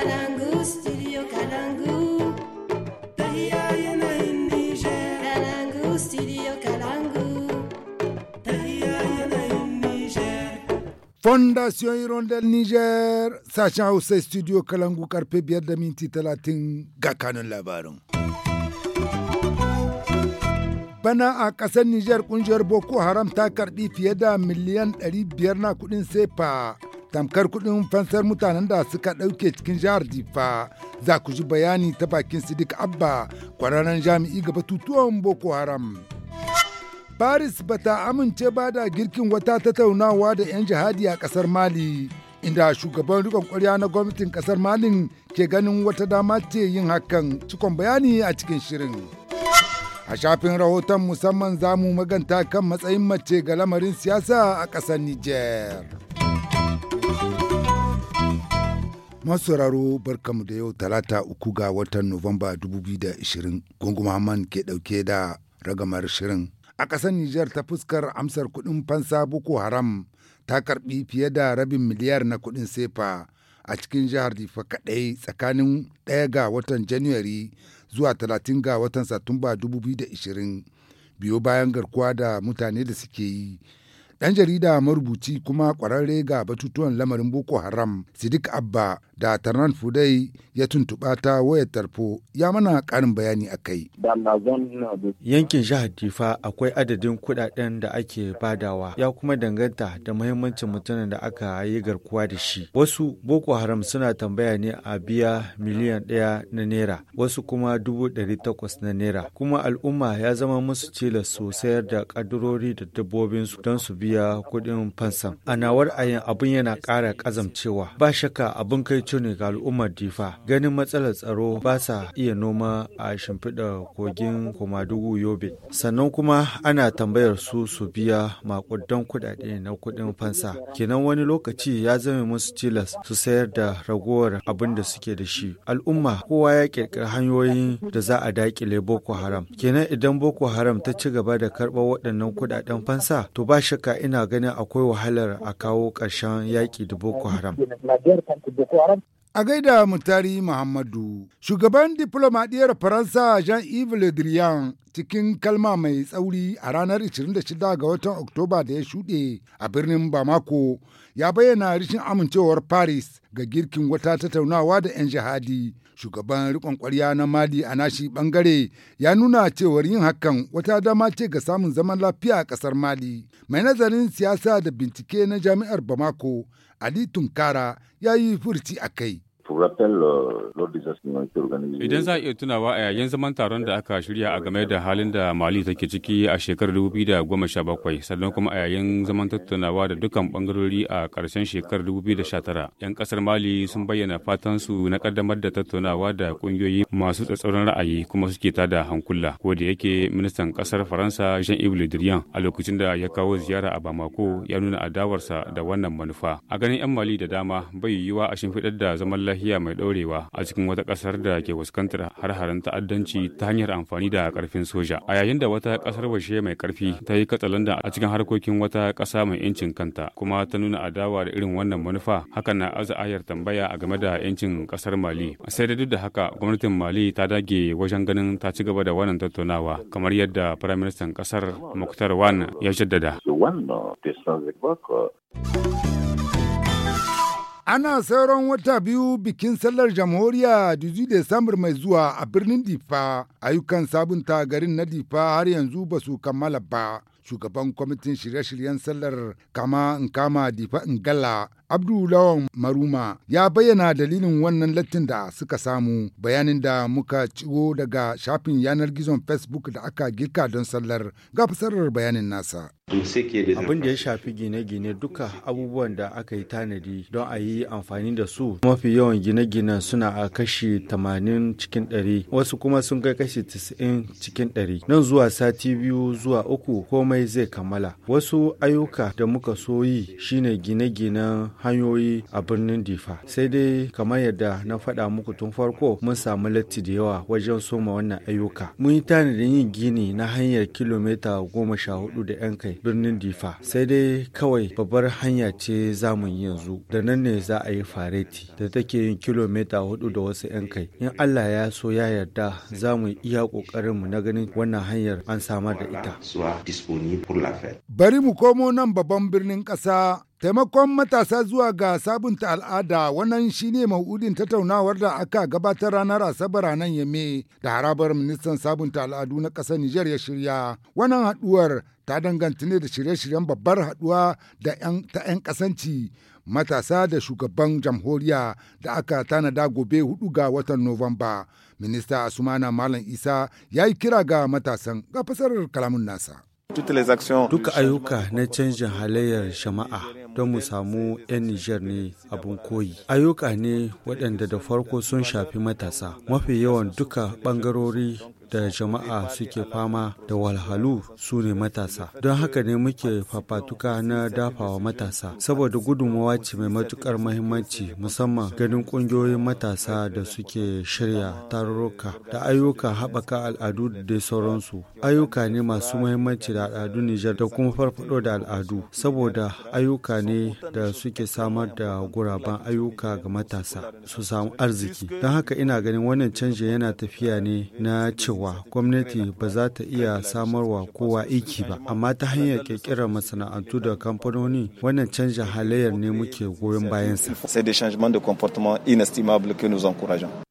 Kalangu, studio Kalangu. yanayin Kalangu, studio Kalangu. yanayin Fondation Hirondelle Niger, sashen Hausa studio Kalangu karfe biyar da minti talatin ga kanun labarin. bana a ƙasar Nijar ƙungiyar Boko Haram ta karɓi fiye da miliyan 500 na kuɗin sefa tamkar kuɗin fansar mutanen da suka ɗauke cikin jihar Difa za ku ji bayani ta bakin Sidik Abba kwararren jami'i ga batutuwan Boko Haram. Paris ba ta amince ba da girkin wata tattaunawa da 'yan jihadi a kasar Mali, inda shugaban rikon kwarya na gwamnatin ƙasar Mali ke ganin wata dama ce yin hakan cikon bayani a cikin shirin. A shafin rahoton musamman zamu maganta kan matsayin mace ga lamarin siyasa a ƙasar Nijar. masauraro barkamu da yau talata uku ga watan nuwamba 2020 gungu muhammad ke dauke da ragamar shirin a ƙasar Nijar ta fuskar amsar kuɗin fansa Boko Haram ta karɓi fiye da rabin miliyar na kuɗin sefa a cikin jihar Difa kaɗai tsakanin ɗaya ga watan January zuwa 30 ga watan Satumba 2020 biyo bayan garkuwa da mutane da suke yi Ɗan jarida marubuci kuma ƙwararre ga batutuwan lamarin Boko Haram, Sidik Abba da Tarnan Fudai ya tuntuɓa ta wayar tarfo ya mana ƙarin bayani a kai. Yankin jihar Difa akwai adadin kuɗaɗen da ake badawa ya kuma danganta da mahimmancin mutumin da aka yi garkuwa da shi. Wasu Boko Haram suna tambaya ne a biya miliyan ɗaya na naira, wasu kuma dubu ɗari takwas na naira. Kuma al'umma ya zama musu tilas su sayar da ƙaddarori da dabbobinsu don su biya biya kuɗin fansan. A nawar ayin abin yana ƙara ƙazamcewa. Ba shakka abin kai ne ga al'ummar difa. Ganin matsalar tsaro ba sa iya noma a shimfiɗa kogin kumadugu Yobe. Sannan kuma ana tambayar su su biya makudan kuɗaɗe na kuɗin fansa. Kenan wani lokaci ya zama musu tilas su sayar da ragowar abin da suke da shi. Al'umma kowa ya ƙirƙiri hanyoyin da za a daƙile Boko Haram. Kenan idan Boko Haram ta ci gaba da karɓar waɗannan kuɗaɗen fansa to ba shakka ina ganin akwai wahalar a kawo ƙarshen yaƙi da Boko Haram. A gaida Mutari Muhammadu, shugaban diflomadiyyar Faransa Jean-Yves Le Drian cikin kalma mai tsauri a ranar 26 ga watan Oktoba da ya shuɗe a birnin Bamako ya bayyana rishin amincewar Paris ga girkin wata tattaunawa da 'yan jihadi. Shugaban riƙon ƙwarya na Mali a nashi ɓangare ya nuna cewar yin hakan wata dama ce ga samun zaman lafiya a ƙasar Mali. Mai nazarin siyasa da bincike na jami'ar Bamako, Ali Tunkara ya yi furci a kai. pour rappel euh, lors des Idan za a iya tunawa a yayin zaman taron da aka shirya a game da halin da Mali take ciki a shekarar 2017 sannan kuma a yayin zaman tattaunawa da dukkan bangarori a karshen shekarar 2019 'yan kasar Mali sun bayyana fatan su na kaddamar da tattaunawa da ƙungiyoyi masu tsatsauran ra'ayi kuma suke ta da hankula ko da yake ministan kasar Faransa Jean-Yves Le Drian a lokacin da ya kawo ziyara a Bamako ya nuna adawarsa da wannan manufa a ganin 'yan Mali da dama bai yiwuwa a shimfiɗar da zaman lafiya lahiya mai ɗorewa a cikin wata ƙasar da ke fuskantar har ta'addanci ta hanyar amfani da ƙarfin soja. A yayin da wata ƙasar washe mai ƙarfi ta yi katsalandan a cikin harkokin wata ƙasa mai 'yancin kanta kuma ta nuna adawa da irin wannan manufa hakan na aza ayar tambaya a game da 'yancin ƙasar Mali. Sai da duk da haka gwamnatin Mali ta dage wajen ganin ta ci gaba da wannan tattaunawa kamar yadda Firaministan ƙasar Muktar Wan ya jaddada. Ana sauran wata biyu bikin sallar jamhuriya Juju Desambar mai zuwa a birnin Difa, ayyukan sabunta garin na Difa har yanzu ba su kammala ba. Shugaban kwamitin shirye-shiryen sallar kama in kama Difa Ngala, abdullawan Maruma ya bayyana dalilin wannan lattin da suka samu bayanin da muka ciwo daga shafin yanar gizon Facebook da aka girka don sallar ga fasarar bayanin nasa. abin da ya shafi gine-gine duka abubuwan da aka yi tanadi don a yi amfani da su mafi yawan gine gine suna a kashi 80 cikin 100 wasu kuma sun kai kashi 90 cikin 100 nan zuwa sati biyu zuwa uku komai zai kammala wasu ayyuka da muka so yi shine gine-ginen hanyoyi a birnin difa sai dai kamar yadda na faɗa muku tun farko mun samu latti da yawa wajen soma wannan ayyuka mun yi tanadin yin gini na hanyar kilomita goma sha hudu da 'yan kai birnin Difa sai dai kawai babbar hanya ce zamun yanzu da nan ne za a yi fareti da take yin kilomita hudu da wasu 'yan kai. In Allah ya so ya yarda za mu iya kokarin mu na ganin wannan hanyar an samar da ita. Bari mu komo nan babban birnin kasa Taimakon matasa zuwa ga sabunta al'ada wannan shine maudin tattaunawar da aka gabatar ranar Asabar a nan Yame da harabar ministan sabunta al'adu na ƙasar Nijar ya shirya. Wannan haduwar. ta danganta ne da shirye-shiryen babbar haduwa da ta 'yan kasanci matasa da shugaban jamhuriya da aka tanada gobe 4 ga watan Nuwamba. Minista Asumana Malam Isa ya yi kira ga matasan ga fasarar kalamun nasa. Duka ayyuka na canjin halayyar shama'a don mu samu 'yan Nijar ne abun koyi. Ayyuka ne waɗanda da farko sun shafi matasa. Mafi yawan duka ɓangarori da jama'a suke fama da walhalu su ne matasa don haka ne muke fafatuka na dafawa matasa saboda gudunmawa ce mai matukar mahimmanci musamman ganin kungiyoyin matasa da suke shirya tarurruka da ayyuka haɓaka al'adu da sauransu ayyuka ne masu mahimmanci da al'adu nijar da kuma farfado da al'adu saboda ayyuka ne da suke samar da guraben ayyuka ga matasa su samu arziki don haka ina ganin wannan canji yana tafiya ne na cewa cewa gwamnati ba za ta iya samarwa kowa iki ba, amma ta hanyar ƙirƙirar masana'antu da kamfanoni wannan canjin halayyar ne muke goyon bayansa.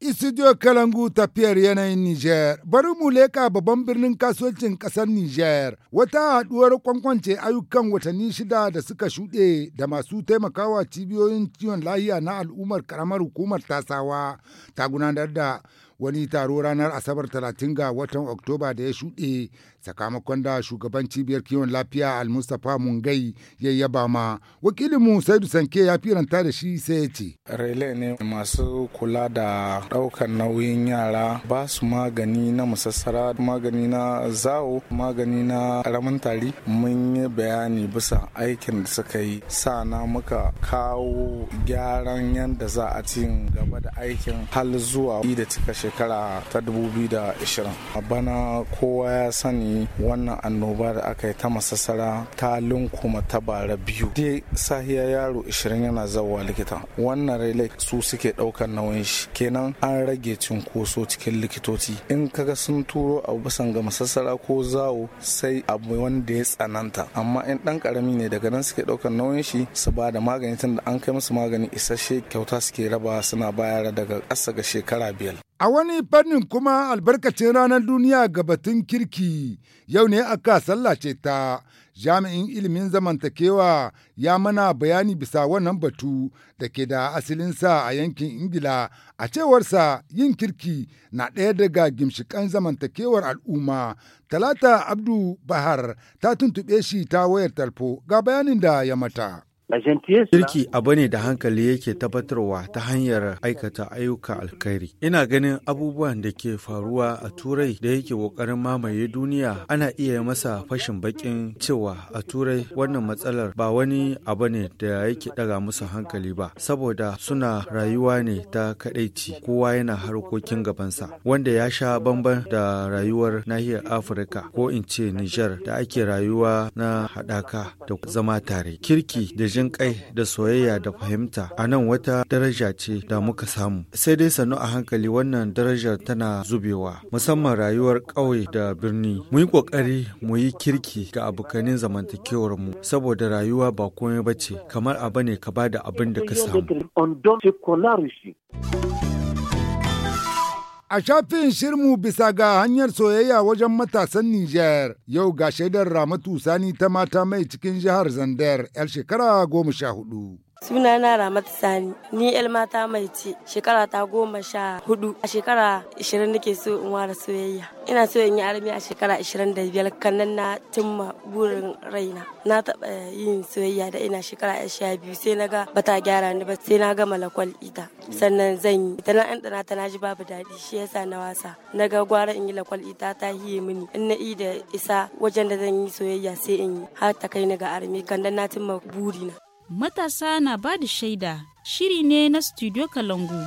Isidiyo Kalangu tafiyar yanayin Nijar, bari mu leka babban birnin kasuwancin kasar Nijar, wata haduwar kwankwance ayyukan watanni shida da suka shuɗe da masu taimakawa cibiyoyin ciwon lahiya na al'ummar ƙaramar hukumar tasawa ta gudanar da wani taro ranar asabar 30 ga watan oktoba da ya shuɗe sakamakon da shugaban cibiyar kiwon lafiya almustapha mungai ya yaba ma wakilinmu saidu sanke ya firanta da shi sai ya ce rele ne masu kula da ɗaukan nauyin yara ba su magani na musassara magani na zawo magani na ramin tari mun yi bayani bisa aikin da suka yi sa na muka kawo gyaran yadda za a ci gaba da aikin hal zuwa da cika shekara ta 2020 bana kowa ya sani wannan annoba da aka yi ta masasara ta linkuma ta bara biyu dai sahiya yaro 20 yana zawa likita wannan relay su suke daukar nauyin shi kenan an rage cinkoso cikin likitoci in kaga sun turo abu bisan ga masassara ko zawo sai abu wanda ya tsananta amma in dan karami ne daga nan suke daukar nauyin shi su ba da magani tun da an kai musu magani isasshe kyauta suke raba suna bayar daga ƙasa ga shekara biyar A wani fannin kuma albarkacin ranar duniya ga batun kirki yau ne aka sallace ta jami'in ilimin zamantakewa ya mana bayani bisa wannan batu da ke da asilinsa a yankin Ingila a cewarsa yin kirki na ɗaya daga gimshikan zamantakewar al'umma. Talata Abdu Bahar ta tuntuɓe shi ta wayar talfo ga bayanin da ya mata. Kirki abu ne da hankali yake tabbatarwa ta hanyar aikata ayyuka alkhairi. Ina ganin abubuwan da ke faruwa a Turai da yake ƙoƙarin mamaye duniya ana iya masa fashin bakin cewa a Turai wannan matsalar ba wani abu ne da yake ɗaga musu hankali ba, saboda suna rayuwa ne ta kaɗaici kowa yana harkokin gabansa, wanda ya sha bamban da rayuwar nahiyar Afirka ko in ce Nijar da ake rayuwa na haɗaka da zama tare. Kirki da jin kai da soyayya da fahimta a nan wata daraja ce da muka samu sai dai sannu a hankali wannan darajar tana zubewa musamman rayuwar ƙauye da birni mu yi ƙoƙari mu yi kirki ga abokanin zamantakewar mu saboda rayuwa ba komai ba ce kamar abu ne ka bada abin da ka samu A shafin shirmu bisa ga hanyar soyayya wajen matasan Nijar, yau ga shaidar Ramatu Sani ta mata mai cikin jihar Zandar, 'yar shekara goma sha hudu. Suna na Ramat Sani, ni ‘yar mata mai ce, shekara ta goma sha hudu, a shekara ishirin nake so in ware soyayya. Ina so in yi armi a shekara ishirin da biyar kanan na cimma burin raina. Na taba yin soyayya da ina shekara sha biyu sai na ga bata gyara ni ba sai na gama lakwal ita. Sannan zan yi, ita na ɗan ta na ji babu daɗi shi yasa na wasa. Na ga gwara in yi lakwal ita ta hiye mini. In na da isa wajen da zan yi soyayya sai in yi har ta kai ni ga armi kanan na cimma burina. Matasa na ba da shaida shiri ne na Studio Kalangu.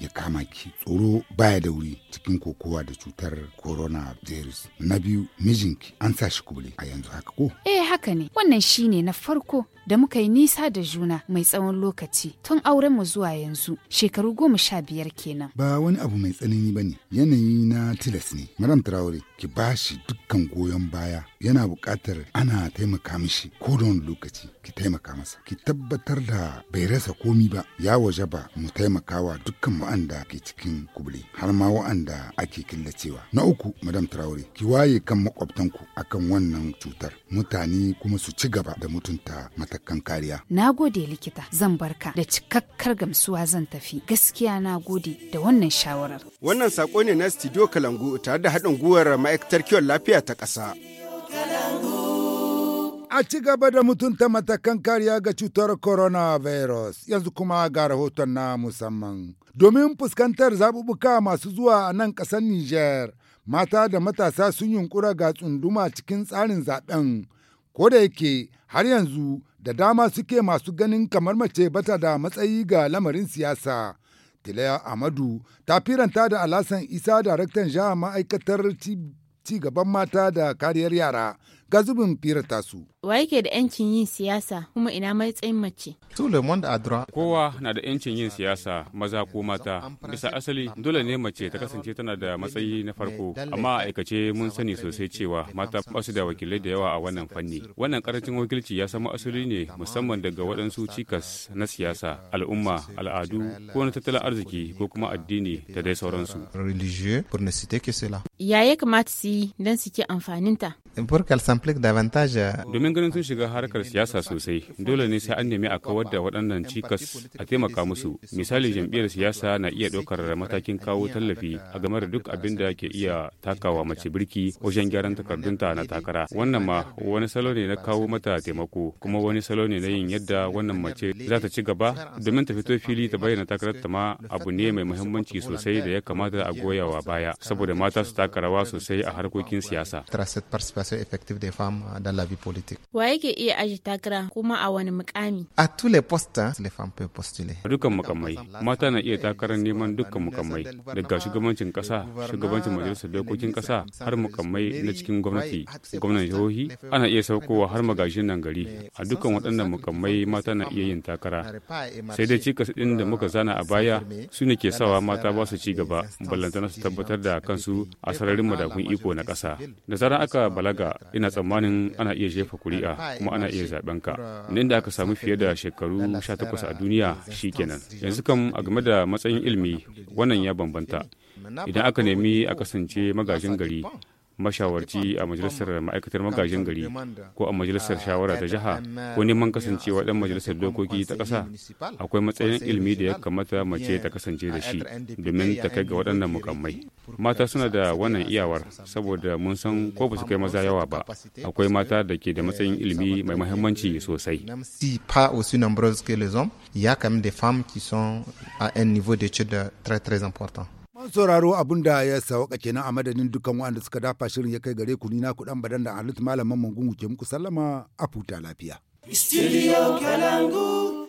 ya kama ki tsoro baya da wuri cikin kokowa da cutar corona virus na biyu mijinki an sa shi kubule a yanzu haka ko eh haka ne wannan shine na farko da muka yi nisa da juna mai tsawon lokaci tun auren mu zuwa yanzu shekaru goma sha biyar kenan ba wani abu mai tsanani bane yanayi na tilas ne madam traore ki ba shi dukkan goyon baya yana buƙatar ana taimaka mishi ko da wani lokaci ki taimaka masa ki tabbatar da bai rasa komi ba ya waje ba mu taimakawa dukkan wa'anda ke cikin kubule har ma wa'anda ake killacewa na uku madam traore ki waye kan makwabtanku akan wannan cutar mutane kuma su ci gaba da mutunta matakan kariya na gode likita zan barka da cikakkar gamsuwa zan tafi gaskiya na gode da wannan shawarar wannan sako ne na studio kalangu tare da haɗin gwiwar ma'aikatar kiwon lafiya ta ƙasa. A ci gaba da mutunta matakan kariya ga cutar coronavirus yanzu kuma ga rahoton na musamman. Domin fuskantar zaɓuɓɓuka masu zuwa a nan ƙasar Nijar, mata da matasa sun yunkura ga tsunduma cikin tsarin zaɓen. Ko yake har yanzu da dama suke masu ganin kamar mace bata da matsayi ga lamarin siyasa. Tilaya Amadu ta firanta da Alasan Isa daraktan jihar ma'aikatar ci gaban mata da kariyar yara ga zubin firar tasu. Wa yake da 'yancin yin siyasa kuma ina matsayin mace? Kowa na da 'yancin yin siyasa maza ko mata. Bisa asali dole ne mace ta kasance tana da matsayi na farko, amma a aikace mun sani sosai cewa mata basu da wakilai da yawa a wannan fanni. Wannan karancin wakilci ya samo asali ne musamman daga waɗansu cikas na siyasa, al'umma, al'adu, ko na tattalin arziki ko kuma addini da dai sauransu. ya ya kamata su yi don su ki amfaninta? Eh, domin ganin sun shiga harkar siyasa sosai, dole ne sai an nemi a kawar da waɗannan cikas a taimaka musu. Misali jam'iyyar siyasa na iya ɗaukar matakin kawo tallafi a game da duk abin da ke iya takawa mace birki wajen gyaran takardunta na takara. Wannan ma wani salo ne na kawo mata taimako, kuma wani salo ne na yin yadda wannan mace za ta ci gaba domin ta fito fili ta bayyana takararta ma abu ne mai muhimmanci sosai da ya kamata a goyawa baya saboda mata su taka rawa sosai a harkokin siyasa. Uh, Wa yake iya aji takara kuma a wani mukami? A tule posta, Dukkan mukamai, mata na iya takarar neman dukkan mukamai, daga shugabancin kasa, shugabancin majalisar dokokin kasa, har mukamai na cikin gwamnati, gwamnan jihohi, ana iya saukowa har magajin nan gari. A dukkan waɗannan mukamai mata na iya yin takara. Sai dai cikas ɗin da muka zana a baya su ne ke sawa mata ba su ci gaba, ballantana su tabbatar da kansu a sararin madafun iko na ƙasa da zaran aka balaga ina tsammanin ana iya jefa kuri'a kuma ana iya zaben ka nan da aka samu fiye da shekaru 18 a duniya shi kenan yanzu kam a game da matsayin ilimi wannan ya bambanta idan aka nemi a kasance magajin gari mashawarci a majalisar ma'aikatar magajin gari ko a majalisar shawara ta jiha uh, ko neman kasancewa dan majalisar dokoki ta ƙasa akwai matsayin ilimi da ya kamata mace ta kasance da shi domin ta kai ga waɗannan e mukammai mata suna da wannan iyawar saboda mun san ko ba su kai maza yawa ba akwai mata da ke da matsayin ilimi mai mahimmanci e sosai ya kam des femmes qui sont à un niveau d'études très très important. An sauraro abin da ya sauka kenan a madadin dukkan waɗanda suka dafa shirin ya kai gare ku ni na kuɗan badan da Halit Malaman gungu ke muku sallama a futa lafiya. Studio Kalangu.